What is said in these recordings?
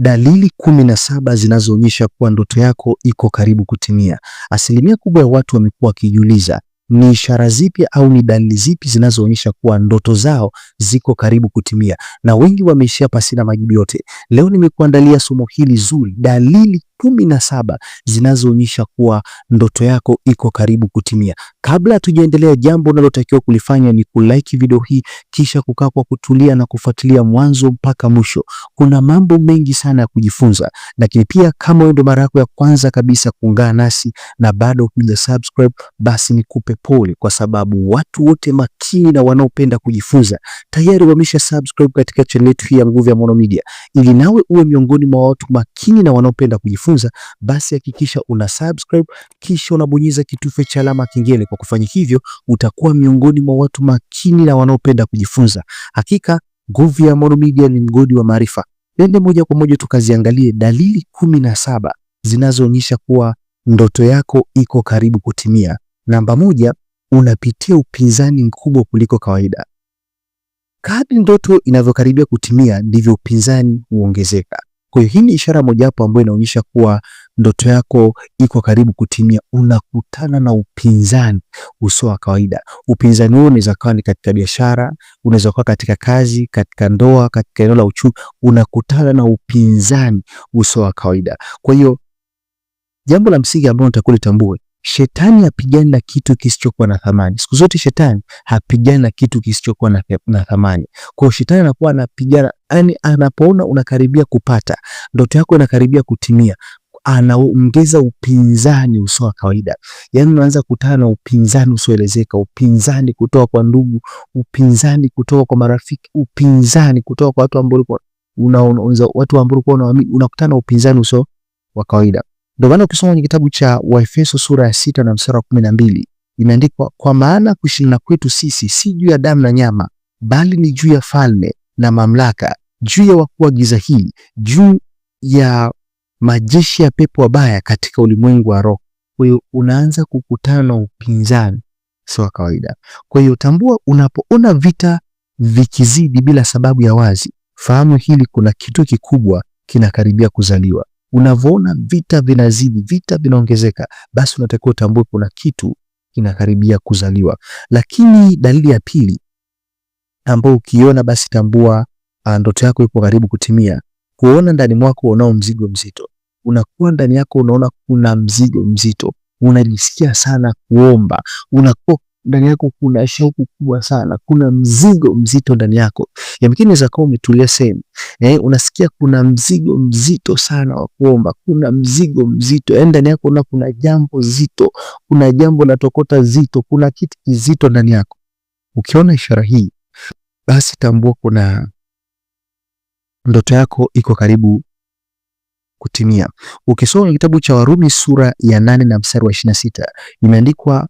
dalili kumi na saba zinazoonyesha kuwa ndoto yako iko karibu kutimia. Asilimia kubwa ya watu wamekuwa wakijiuliza ni ishara zipi au ni dalili zipi zinazoonyesha kuwa ndoto zao ziko karibu kutimia, na wengi wameishia pasina majibu yote. Leo nimekuandalia somo hili zuri, dalili kumi na saba zinazoonyesha kuwa ndoto yako iko karibu kutimia. Kabla hatujaendelea, jambo unalotakiwa kulifanya ni kulike video hii, kisha kukaa kwa kutulia na kufuatilia mwanzo mpaka mwisho. Kuna mambo mengi sana ya kujifunza, lakini pia kama wewe ndo mara yako ya kwanza kabisa kuungana nasi na bado huja subscribe, basi nikupe pole, kwa sababu watu wote makini na wanaopenda kujifunza tayari wamesha subscribe katika channel yetu hii ya Nguvu ya Maono Media, ili nawe uwe miongoni mwa watu makini na wanaopenda kujifunza kujifunza, basi hakikisha una subscribe kisha unabonyeza kitufe cha alama kingine. Kwa kufanya hivyo, utakuwa miongoni mwa watu makini na wanaopenda kujifunza. Hakika nguvu ya Mauro Media ni mgodi wa maarifa. Twende moja kwa moja tukaziangalie dalili kumi na saba zinazoonyesha kuwa ndoto yako iko karibu kutimia. Namba moja, unapitia upinzani mkubwa kuliko kawaida. Kadri ndoto inavyokaribia kutimia ndivyo upinzani huongezeka. Kwa hiyo hii ni ishara mojawapo ambayo inaonyesha kuwa ndoto yako iko karibu kutimia. Unakutana na upinzani usio wa kawaida. Upinzani huo unaweza kuwa ni katika biashara, unaweza kuwa katika kazi, katika ndoa, katika eneo la uchumi. Unakutana na upinzani usio wa kawaida. Kwa hiyo jambo la msingi ambalo nitakulitambue Shetani hapigani na kitu kisichokuwa na thamani. Siku zote shetani hapigani na kitu kisichokuwa na, na thamani. Kwa hiyo shetani anakuwa anapigana, yani anapoona unakaribia kupata ndoto yako, inakaribia kutimia, anaongeza upinzani usio wa kawaida. Yani unaanza kutana na upinzani usioelezeka, upinzani kutoka kwa ndugu, upinzani kutoka kwa marafiki, upinzani kutoka kwa watu ambao ulikuwa unakutana na upinzani usio wa kawaida. Ndio maana ukisoma kwenye kitabu cha Waefeso sura ya sita na mstari wa kumi na mbili imeandikwa kwa maana kushindana kwetu sisi si juu ya damu na nyama, bali ni juu ya falme na mamlaka, juu ya wakuu wa giza hili, juu ya majeshi ya pepo wabaya katika ulimwengu wa roho. Kwa hiyo unaanza kukutana na upinzani sio kawaida. Kwa hiyo tambua, unapoona vita vikizidi bila sababu ya wazi, fahamu hili kuna kitu kikubwa kinakaribia kuzaliwa unavyoona vita vinazidi, vita vinaongezeka, basi unatakiwa utambue kuna kitu kinakaribia kuzaliwa. Lakini dalili ya pili ambayo ukiona basi tambua ah, ndoto yako ipo karibu kutimia, kuona ndani mwako unao mzigo mzito. Unakuwa ndani yako unaona kuna mzigo mzito, unajisikia sana kuomba, unakuwa ndani yako kuna shauku kubwa sana, kuna mzigo mzito ndani yako. Yamkini unaweza umetulia sehemu eh, unasikia kuna mzigo mzito sana wa kuomba, kuna mzigo mzito yani ndani yako na kuna jambo zito, kuna jambo la tokota zito, kuna kitu kizito ndani yako. Ukiona ishara hii, basi tambua kuna ndoto yako iko karibu kutimia. Ukisoma kitabu cha Warumi sura ya nane na mstari wa ishirini na sita imeandikwa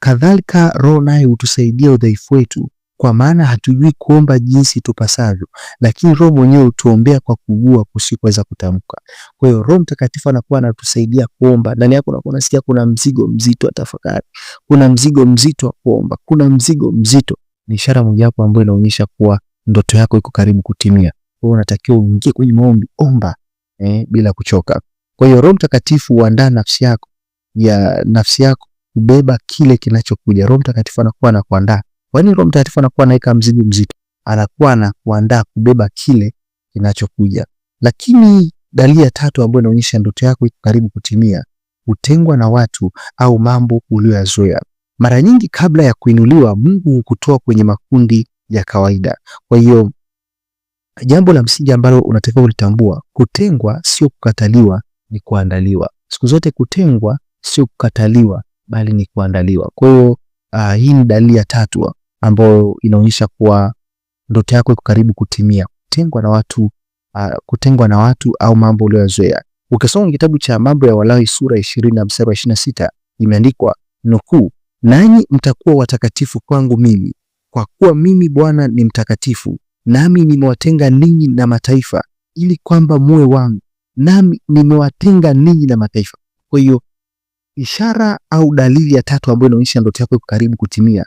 Kadhalika Roho naye hutusaidia udhaifu wetu, kwa maana hatujui kuomba jinsi tupasavyo, lakini Roho mwenyewe hutuombea kwa kugua kusikoweza kutamka. Kwa hiyo Roho Mtakatifu anakuwa anatusaidia kuomba. Ndani yako unakuwa unasikia kuna mzigo mzito wa tafakari, kuna mzigo mzito wa kuomba, kuna mzigo mzito. Ni ishara mojawapo ambayo inaonyesha kuwa ndoto yako iko karibu kutimia. Kwa hiyo unatakiwa uingie kwenye maombi, omba eh, bila kuchoka. Kwa hiyo Roho Mtakatifu huandaa nafsi yako ya nafsi yako kubeba kile kinachokuja. Roho Mtakatifu anakuwa anakuandaa. Kwa nini Roho Mtakatifu anakuwa anaweka mzigo mzito? Anakuwa anakuandaa kubeba kile kinachokuja. Lakini dalili ya tatu ambayo inaonyesha ndoto yako iko karibu kutimia, kutengwa na watu au mambo uliyoyazoea. Mara nyingi kabla ya kuinuliwa, Mungu hukutoa kwenye makundi ya kawaida. Kwa hiyo jambo la msingi ambalo unatakiwa kulitambua, kutengwa sio kukataliwa, ni kuandaliwa. Siku zote kutengwa sio kukataliwa, bali ni kuandaliwa. Kwa hiyo uh, hii ni dalili ya tatu ambayo inaonyesha kuwa ndoto yako iko karibu kutimia, kutengwa na watu uh, kutengwa na watu au mambo uliyozoea. Ukisoma kitabu cha Mambo ya Walawi sura 20 na mstari wa 26, imeandikwa nukuu, nanyi mtakuwa watakatifu kwangu mimi, kwa kuwa mimi Bwana ni mtakatifu, nami nimewatenga ninyi na mataifa, ili kwamba muwe wangu, nami nimewatenga ninyi na mataifa. Kwa hiyo Ishara au dalili ya tatu ambayo inaonyesha ndoto yako iko karibu kutimia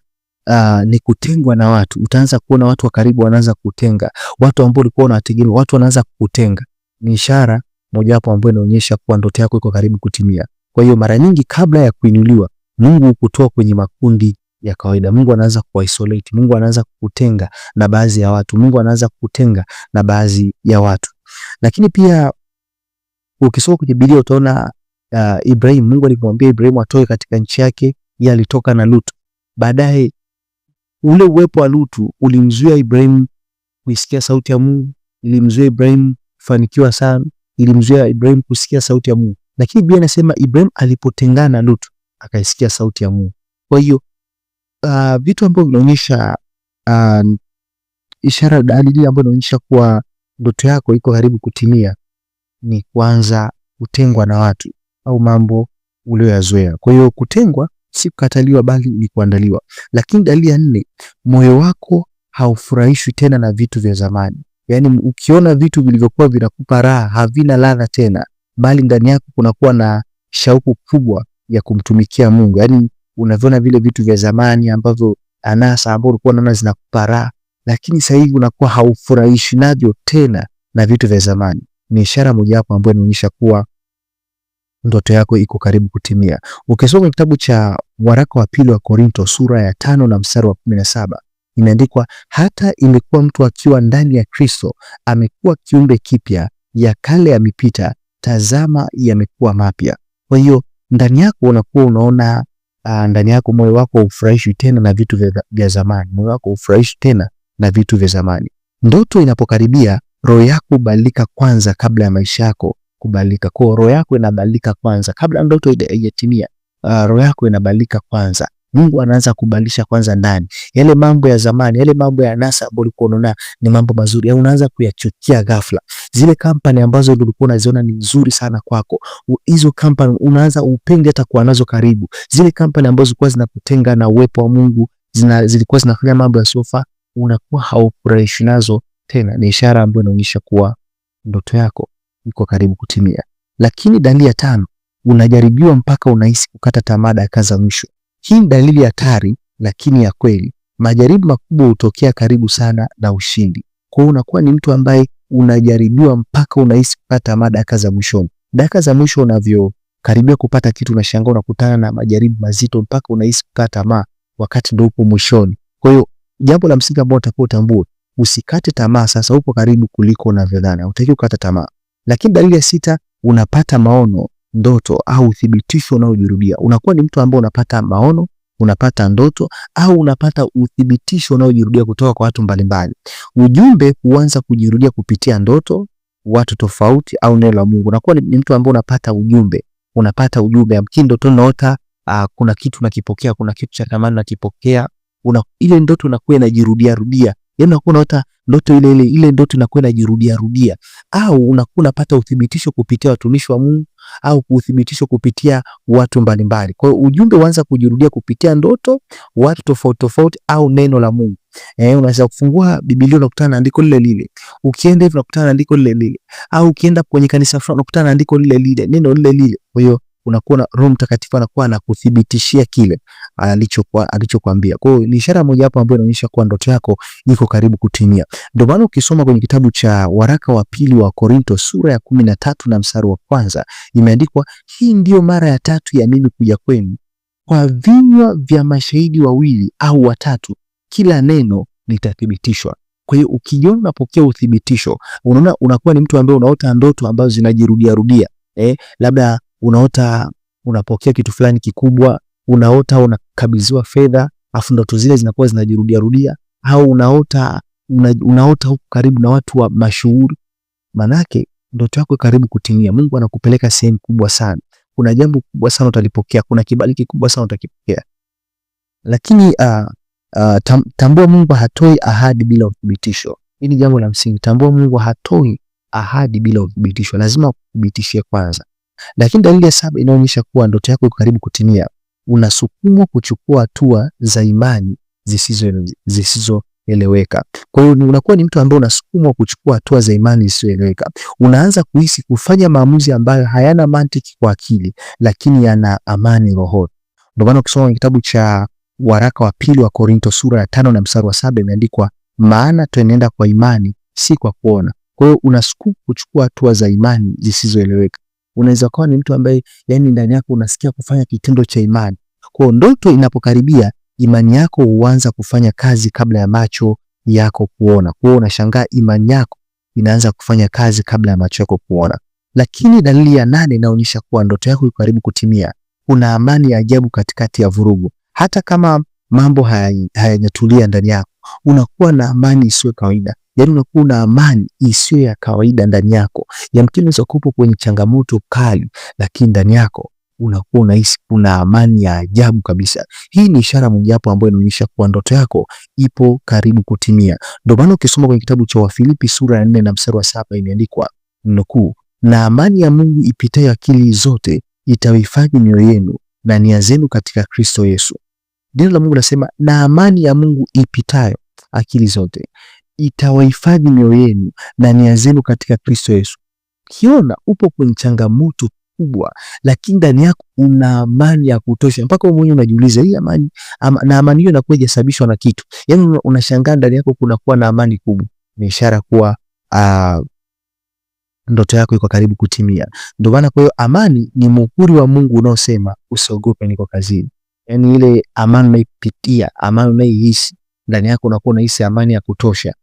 Uh, ni kutengwa na watu. Utaanza kuona watu wa karibu wanaanza kutenga, watu ambao ulikuwa unawategemea, watu wanaanza kukutenga. Ni ishara mojawapo ambayo inaonyesha kuwa ndoto yako iko karibu kutimia. Kwa hiyo mara nyingi kabla ya kuinuliwa, Mungu hukutoa kwenye makundi ya kawaida. Mungu anaanza ku isolate, Mungu anaanza kukutenga na baadhi ya watu, Mungu anaanza kukutenga na baadhi ya watu. Lakini pia ukisoma kwenye Biblia utaona uh, Ibrahim, Mungu alimwambia Ibrahim atoe katika nchi yake, yeye alitoka na Lutu. Baadaye ule uwepo wa Lutu ulimzuia Ibrahim kuisikia sauti ya Mungu, ilimzuia Ibrahim kufanikiwa sana, ilimzuia Ibrahim kusikia sauti ya Mungu. Lakini Biblia inasema Ibrahim alipotengana na Lutu akaisikia sauti ya Mungu. Kwa hiyo uh, vitu ambavyo vinaonyesha uh, ishara dalili ambayo inaonyesha kuwa ndoto yako iko karibu kutimia ni kwanza kutengwa na watu au mambo uliyoyazoea. Kwa hiyo kutengwa si kukataliwa, bali ni kuandaliwa. Lakini dalili ya nne, moyo wako haufurahishwi tena na vitu vya zamani. Yaani ukiona vitu vilivyokuwa vinakupa raha havina ladha tena, bali ndani yako kunakuwa na shauku kubwa ya kumtumikia Mungu. Yaani unaviona vile vitu vya zamani ambavyo anasa ambao ulikuwa unaona zinakupa raha, lakini sasa hivi unakuwa haufurahishwi navyo tena na vitu vya zamani. Ni ishara mojawapo ambayo inaonyesha kuwa ndoto yako iko karibu kutimia. Ukisoma kitabu cha waraka wa pili wa Korinto sura ya tano na mstari wa kumi na saba imeandikwa, hata ilikuwa mtu akiwa ndani ya Kristo amekuwa kiumbe kipya, ya kale yamepita, tazama yamekuwa mapya. Kwa hiyo ndani yako unakuwa unaona uh, ndani yako moyo wako ufurahishwi tena na vitu vya zamani, moyo wako ufurahishwi tena na vitu vya zamani. Ndoto inapokaribia roho yako hubadilika kwanza kabla ya maisha yako kubalika. Kwa roho yako inabalika kwanza kabla ndoto haijatimia. Uh, roho yako inabalika kwanza. Mungu anaanza kubalisha kwanza ndani yale mambo ya zamani, yale mambo ya nasa ambayo ulikuwa unaona ni mambo mazuri, au unaanza kuyachukia ghafla. Zile kampani ambazo ulikuwa unaziona ni nzuri sana kwako, hizo kampani unaanza upende hata kuwa nazo karibu. Zile kampani ambazo zilikuwa zinakutenga na uwepo wa Mungu, zina, zilikuwa zinafanya mambo ya sofa, unakuwa haufurahishi nazo tena. Ni ishara ambayo inaonyesha kuwa ndoto yako iko karibu kutimia. Lakini dalili ya tano, unajaribiwa mpaka unahisi kukata tamaa dakika za mwisho. Hii ni dalili hatari lakini ya kweli. Majaribu makubwa hutokea karibu sana na ushindi. Kwa hiyo unakuwa ni mtu ambaye unajaribiwa mpaka unahisi kukata tamaa dakika za mwisho. Dakika za mwisho unavyokaribia kupata kitu, unashangaa unakutana na majaribu mazito mpaka unahisi kukata tamaa, wakati ndio upo mwishoni. Kwa hiyo jambo la msingi ambalo utakuwa utambue, usikate tamaa. Sasa upo karibu kuliko unavyodhani, hutakiwi kukata tamaa. Lakini dalili ya sita, unapata maono, ndoto au uthibitisho unaojirudia. Unakuwa ni mtu ambaye unapata maono, unapata ndoto au unapata uthibitisho unaojirudia kutoka kwa watu mbalimbali. Ujumbe huanza kujirudia kupitia ndoto, watu tofauti au neno la Mungu. Unakuwa ni mtu ambaye unapata ujumbe, unapata ujumbe amkini ndoto unaota Uh, kuna kitu nakipokea, kuna kitu cha thamani nakipokea. Una ile ndoto inakuwa inajirudia rudia, yaani unakuwa unaota ndoto ile ile ile ndoto inakuwa inajirudia rudia, au unakuwa unapata uthibitisho kupitia watumishi wa Mungu au uthibitisho kupitia watu mbalimbali. Kwa hiyo ujumbe huanza kujirudia kupitia ndoto, watu tofauti tofauti, au neno la Mungu. Eh, unaweza kufungua Biblia unakutana na andiko lile lile, ukienda hivi unakutana na andiko lile lile, au ukienda kwenye kanisa fulani unakutana na andiko lile lile, neno lile lile. Kwa hiyo unakuwa na Roho Mtakatifu anakuwa anakuthibitishia kile ah, alichokuwa alichokuambia. Kwa hiyo ni ishara moja hapo ambayo inaonyesha kuwa ndoto yako iko karibu kutimia. Ndio maana ukisoma kwenye kitabu cha waraka wa pili wa Korinto sura ya kumi na tatu na mstari wa kwanza imeandikwa, hii ndiyo mara ya tatu ya mimi kuja kwenu kwa vinywa vya mashahidi wawili au watatu, kila neno litathibitishwa. Kwa hiyo ukijiona unapokea uthibitisho, unaona unakuwa ni mtu ambaye unaota ndoto ambazo zinajirudia rudia, eh, labda unaota unapokea kitu fulani kikubwa, unaota unakabidhiwa fedha, afu ndoto zile zinakuwa zinajirudia rudia, au unaota una, unaota huko karibu na watu wa mashuhuri. Manake ndoto yako karibu kutimia. Mungu anakupeleka sehemu kubwa sana, kuna jambo kubwa sana utalipokea, kuna kibali kikubwa sana utakipokea. Lakini uh, uh, tam, tambua Mungu hatoi ahadi bila uthibitisho. Hili jambo la msingi. Tambua Mungu hatoi ahadi bila uthibitisho, lazima ukuthibitishie kwanza. Lakini dalili ya saba inaonyesha kuwa ndoto yako iko karibu kutimia. Unasukumwa kuchukua hatua za imani zisizoeleweka. Kwa hiyo unakuwa ni mtu ambaye unasukumwa kuchukua hatua za imani zisizoeleweka. Unaanza kuhisi kufanya maamuzi ambayo hayana mantiki kwa akili, lakini yana amani rohoni. Ndio maana ukisoma kitabu cha waraka wa pili wa Korinto sura ya tano na mstari wa saba imeandikwa, maana tunaenda kwa imani, si kwa kuona. Kwa hiyo unasukumwa kuchukua hatua za imani zisizoeleweka. Unaweza kuwa ni mtu ambaye yani ndani yako unasikia kufanya kitendo cha imani. Kwa ndoto inapokaribia, imani yako huanza kufanya kazi kabla ya macho yako kuona. Kwa unashangaa imani yako inaanza kufanya kazi kabla ya macho yako kuona. Lakini dalili ya nane inaonyesha kuwa ndoto yako iko karibu kutimia. Kuna amani ya ajabu katikati ya vurugu. Hata kama mambo hayajatulia haya ndani yako, unakuwa na amani isiyo kawaida yani unakuwa una amani isiyo ya kawaida ndani yako. Yamkini unaweza kupo kwenye changamoto kali, lakini ndani yako unakuwa unahisi kuna amani ya ajabu kabisa. Hii ni ishara mojawapo ambayo inaonyesha kuwa ndoto yako ipo karibu kutimia. Ndio maana ukisoma kwenye kitabu cha Wafilipi sura ya 4 na mstari wa saba imeandikwa nukuu, na amani ya Mungu ipitayo akili zote itawahifadhi mioyo yenu na nia zenu katika Kristo Yesu. Neno la Mungu nasema na amani ya Mungu ipitayo akili zote itawahifadhi mioyo yenu na nia zenu katika Kristo Yesu. Kiona upo kwenye changamoto kubwa, lakini ndani yako una amani ya kutosha, mpaka mwenyewe unajiuliza hii amani ama, na amani hiyo inakuwa hajasababishwa na kitu, yaani unashangaa ndani yako kunakuwa na amani kubwa, ni ishara kuwa uh, ndoto yako iko karibu kutimia. Ndio maana kwa hiyo amani ni muhuri wa Mungu unaosema usiogope, niko kazini. Yaani ile amani unaipitia, amani unaihisi ndani yako, unakuwa unahisi amani ya kutosha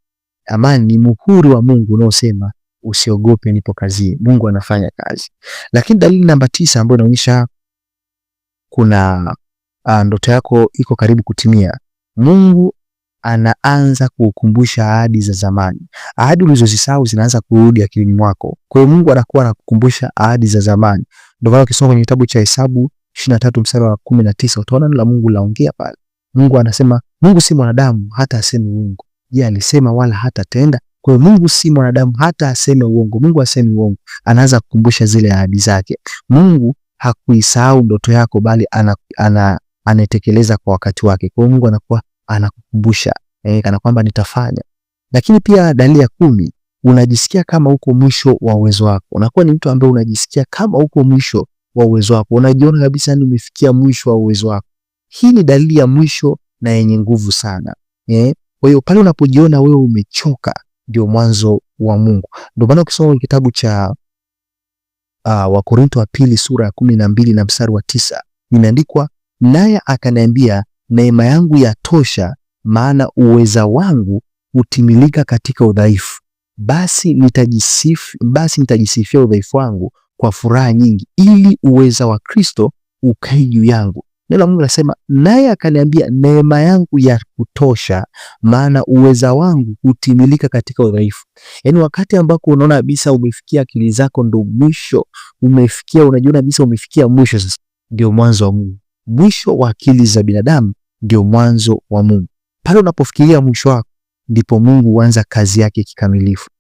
amani ni muhuri wa Mungu unaosema usiogope, nipo kazi, Mungu anafanya kazi. Lakini dalili namba tisa ambayo inaonyesha kuna uh, ndoto yako iko karibu kutimia, Mungu anaanza kukumbusha ahadi za zamani. Ahadi ulizozisahau zinaanza kurudi akilini mwako. Kwa hiyo Mungu anakuwa anakukumbusha ahadi za zamani. Ndio maana ukisoma kwenye kitabu cha Hesabu 23 mstari wa 19 utaona neno la Mungu laongea pale. Mungu anasema, Mungu si mwanadamu hata aseme uongo, Je, alisema wala hatatenda? Kwa hiyo Mungu si mwanadamu hata aseme uongo. Mungu asemi uongo, anaanza kukumbusha zile ahadi zake. Mungu hakuisahau ndoto yako, bali anaitekeleza kwa wakati wake. Kwa hiyo Mungu anakuwa anakukumbusha eh, kana kwamba nitafanya. Lakini pia dalili ya kumi, unajisikia kama uko mwisho wa uwezo wako. Unakuwa ni mtu ambaye unajisikia kama uko mwisho wa uwezo wako, unajiona kabisa ni umefikia mwisho wa uwezo wako. Hii ni dalili ya mwisho na yenye nguvu sana eh, kwa hiyo pale unapojiona wewe umechoka, ndio mwanzo wa Mungu. Ndio maana ukisoma kitabu cha uh, Wakorintho wa pili sura ya kumi na mbili na mstari wa tisa imeandikwa, naye akaniambia neema yangu ya tosha maana uweza wangu hutimilika katika udhaifu. Basi nitajisifu, basi nitajisifia udhaifu wangu kwa furaha nyingi, ili uweza wa Kristo ukae juu yangu. Neno la Mungu linasema naye akaniambia, neema yangu ya kutosha, maana uweza wangu hutimilika katika udhaifu. Yaani wakati ambako unaona kabisa umefikia, akili zako ndo mwisho, umefikia, unajiona kabisa umefikia mwisho, sasa ndio mwanzo wa Mungu. Mwisho wa akili za binadamu ndio mwanzo wa Mungu. Pale unapofikiria mwisho wako, ndipo Mungu huanza kazi yake kikamilifu.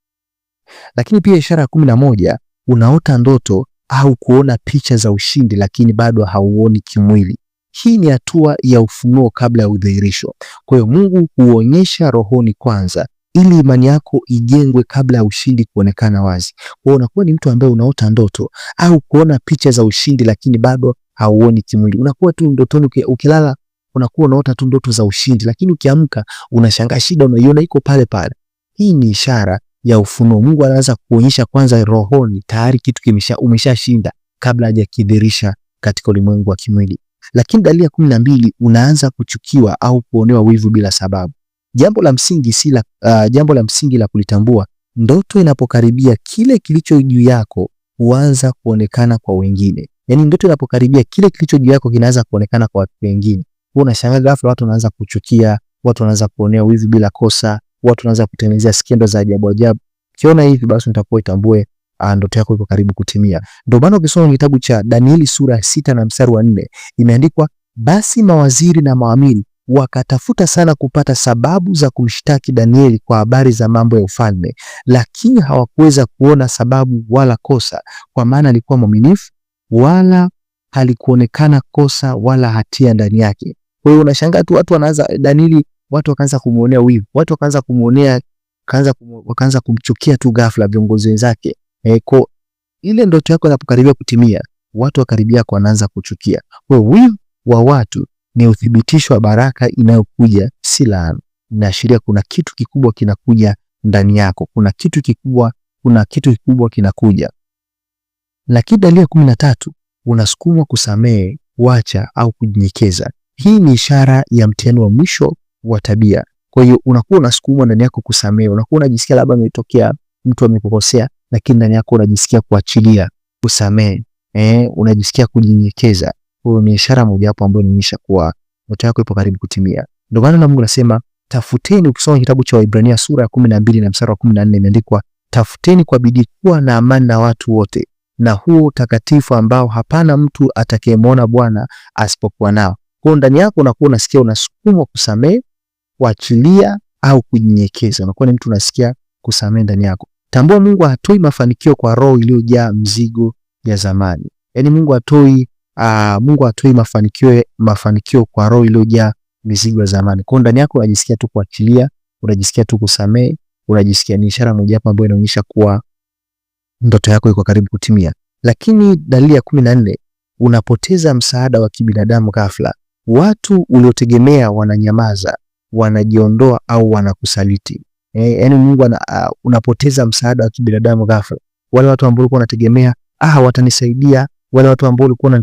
Lakini pia ishara ya kumi na moja, unaota ndoto au kuona picha za ushindi, lakini bado hauoni kimwili. Hii ni hatua ya ufunuo kabla ya udhihirisho. Kwa hiyo Mungu huonyesha rohoni kwanza ili imani yako ijengwe kabla ya ushindi kuonekana wazi. Kwa hiyo unakuwa ni mtu ambaye unaota ndoto au kuona picha za ushindi, lakini bado hauoni kimwili. Unakuwa tu ndotoni, ukilala unakuwa unaota tu ndoto za ushindi, lakini ukiamka unashangaa, shida unaiona iko pale pale. Hii ni ishara ya ufunuo. Mungu anaanza kuonyesha kwanza rohoni, tayari kitu kimesha umeshashinda kabla hajakidhirisha katika ulimwengu wa kimwili. Lakini dalili ya kumi na mbili, unaanza kuchukiwa au kuonewa wivu bila sababu. Jambo la msingi si la, uh, jambo la msingi la kulitambua, ndoto inapokaribia kile kilicho juu yako huanza kuonekana kwa wengine. Yaani ndoto inapokaribia kile kilicho juu yako kinaanza kuonekana kwa watu wengine. Unashangaa ghafla watu wanaanza kuchukia, watu wanaanza kuonea wivu bila kosa, watu wanaanza kutengenezea skendo za ajabu ajabu. Ukiona hivi basi, utakuwa itambue Ah, ndoto yako iko karibu kutimia. Ndio maana ukisoma kitabu cha Danieli sura sita na mstari wa nne imeandikwa, basi mawaziri na maamiri wakatafuta sana kupata sababu za kumshtaki Danieli kwa habari za mambo ya ufalme, lakini hawakuweza kuona sababu wala kosa, kwa maana alikuwa mwaminifu, wala halikuonekana kosa wala hatia ndani yake. Kwa hiyo unashangaa tu watu wanaanza Danieli, watu wakaanza kumuonea wivu, watu wakaanza kumuonea, wakaanza kumchukia tu ghafla viongozi wenzake eh, kwa ile ndoto yako inapokaribia kutimia, watu wakaribia kwa yako wanaanza kuchukia. Kwa hiyo wivu wa watu ni uthibitisho wa baraka inayokuja, si laana. Inaashiria kuna kitu kikubwa kinakuja ndani yako, kuna kitu kikubwa, kuna kitu kikubwa kinakuja. Lakini dalili ya kumi na tatu, unasukumwa kusamehe, kuacha au kujinyekeza. Hii ni ishara ya mtihani wa mwisho wa tabia. Kwa hiyo unakuwa unasukumwa ndani yako kusamehe, unakuwa unajisikia labda umetokea mtu amekukosea, lakini ndani yako unajisikia kuachilia, kusamehe, eh, unajisikia kujinyekeza. Hiyo ni ishara moja hapo ambayo inaonyesha kuwa ndoto yako ipo karibu kutimia. Ndio maana na Mungu anasema tafuteni. Ukisoma kitabu cha Waibrania sura ya 12 na mstari wa 14 imeandikwa tafuteni kwa bidii kuwa na amani na watu wote na huo utakatifu ambao hapana mtu atakayemwona Bwana asipokuwa nao. Kwa ndani yako unakuwa unasikia unasukumwa kusamehe, kuachilia au kunyenyekeza. Unakuwa ni mtu unasikia kusamehe ndani yako. Tambua Mungu hatoi mafanikio kwa roho iliyojaa mzigo ya zamani. Yaani Mungu hatoi uh, Mungu hatoi mafanikio mafanikio kwa roho iliyojaa mizigo ya zamani. Kwa ndani yako unajisikia tu kuachilia, unajisikia tu kusamehe, unajisikia ni ishara moja hapo ambayo inaonyesha kuwa ndoto yako iko karibu kutimia. Lakini dalili ya 14 unapoteza msaada wa kibinadamu ghafla. Watu uliotegemea wananyamaza, wanajiondoa au wanakusaliti eh, yani Mungu ana, uh, unapoteza msaada wa binadamu ghafla. Wale watu ambao ulikuwa unategemea ah, watanisaidia, wale watu ambao ulikuwa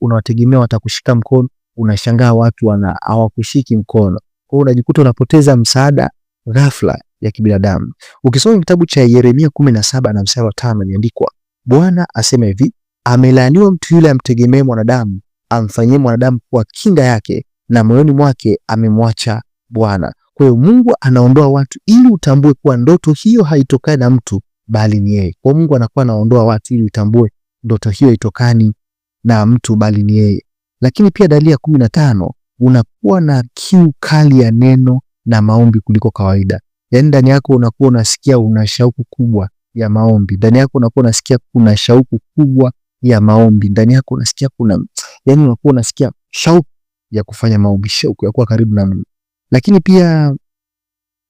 unawategemea watakushika mkono, unashangaa watu wana hawakushiki mkono. Kwa hiyo unajikuta unapoteza msaada ghafla ya kibinadamu. Ukisoma kitabu cha Yeremia 17 na mstari wa 5 imeandikwa, Bwana asema hivi, amelaaniwa mtu yule amtegemee mwanadamu, amfanyie mwanadamu kuwa kinga yake, na moyoni mwake amemwacha Bwana. Kwa hiyo Mungu anaondoa watu ili utambue kuwa ndoto hiyo haitokani na mtu bali ni yeye. Kwa Mungu anakuwa anaondoa watu ili utambue ndoto hiyo haitokani na mtu bali ni yeye. Lakini pia dalili ya kumi na tano, unakuwa na kiu kali ya neno na maombi kuliko kawaida. Yaani ndani yako unakuwa unasikia una shauku kubwa ya maombi. Ndani yako unakuwa unasikia kuna shauku kubwa ya maombi. Ndani yako unasikia kuna, yaani unakuwa unasikia shauku ya kufanya maombi, shauku ya kuwa karibu na Mungu. Lakini pia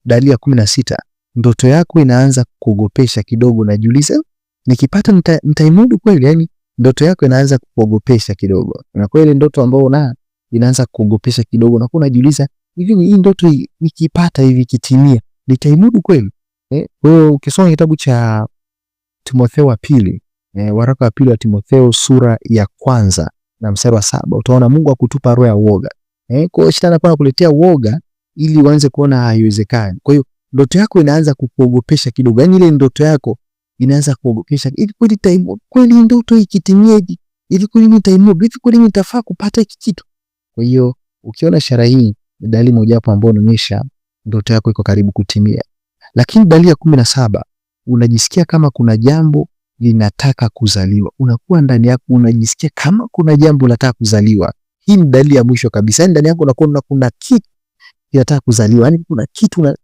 dalili ya kumi na sita, ndoto yako inaanza kukuogopesha kidogo, najiuliza nikipata nitaimudu kweli? Yani ndoto yako inaanza kukuogopesha kidogo, na kweli ndoto ambayo una inaanza kukuogopesha kidogo, na unajiuliza hivi, hii ndoto nikipata hivi kitimia, nitaimudu kweli? Eh, wewe ukisoma kitabu cha Timotheo wa pili eh, waraka wa pili wa Timotheo sura ya kwanza na mstari wa saba utaona Mungu akutupa roho ya uoga eh, kwa hiyo shetani anakuletea uoga ili uanze kuona haiwezekani. Kwa hiyo ndoto yako inaanza kukuogopesha kidogo, yani ile ndoto yako inaanza kuogopesha, ili kweli time kweli ndoto ikitimia hivi, ili kweli ni time hivi, kweli nitafaa kupata hiki kitu. Kwa hiyo ukiona ishara hii, ni dalili moja hapo ambayo inaonyesha ndoto yako iko karibu kutimia. Lakini dalili ya kumi na saba, unajisikia kama kuna jambo linataka kuzaliwa, unakuwa ndani yako unajisikia kama kuna jambo linataka kuzaliwa. Hii ni dalili ya mwisho kabisa, yaani ndani yako unakuwa kuna kitu yataka kuzaliwa. Yani kuna kitu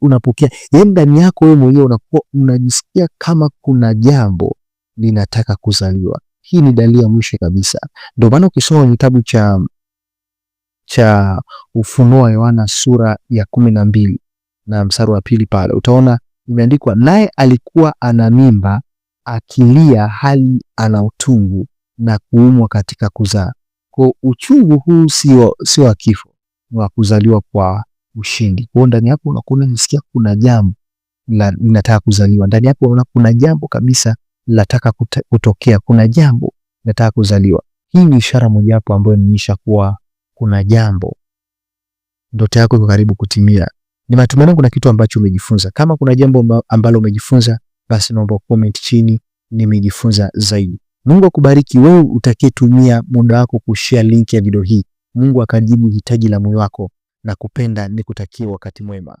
unapokea, yani ndani yako wewe mwenyewe unakuwa unajisikia kama kuna jambo linataka kuzaliwa. Hii ni dalili ya mwisho kabisa. Ndio maana ukisoma kitabu cha cha Ufunuo wa Yohana sura ya kumi na mbili na mstari wa pili pale utaona imeandikwa, naye alikuwa ana mimba akilia hali ana utungu na kuumwa katika kuzaa. Kwa uchungu huu sio sio wa kifo, wa kuzaliwa kwa ushindi. Kwa ndani yako unakuwa unasikia kuna jambo la nataka kuzaliwa. Ndani yako unaona kuna jambo kabisa lataka kutokea, kuna jambo nataka kuzaliwa. Hii ni ishara mojawapo ambayo inaonyesha kuwa kuna jambo, ndoto yako iko karibu kutimia. Ni matumaini kuna kitu ambacho umejifunza. Kama kuna jambo ambalo umejifunza, basi naomba comment chini, nimejifunza zaidi. Mungu akubariki wewe utakayetumia muda wako kushare link ya video hii. Mungu akajibu hitaji la moyo wako na kupenda, ni kutakia wakati mwema.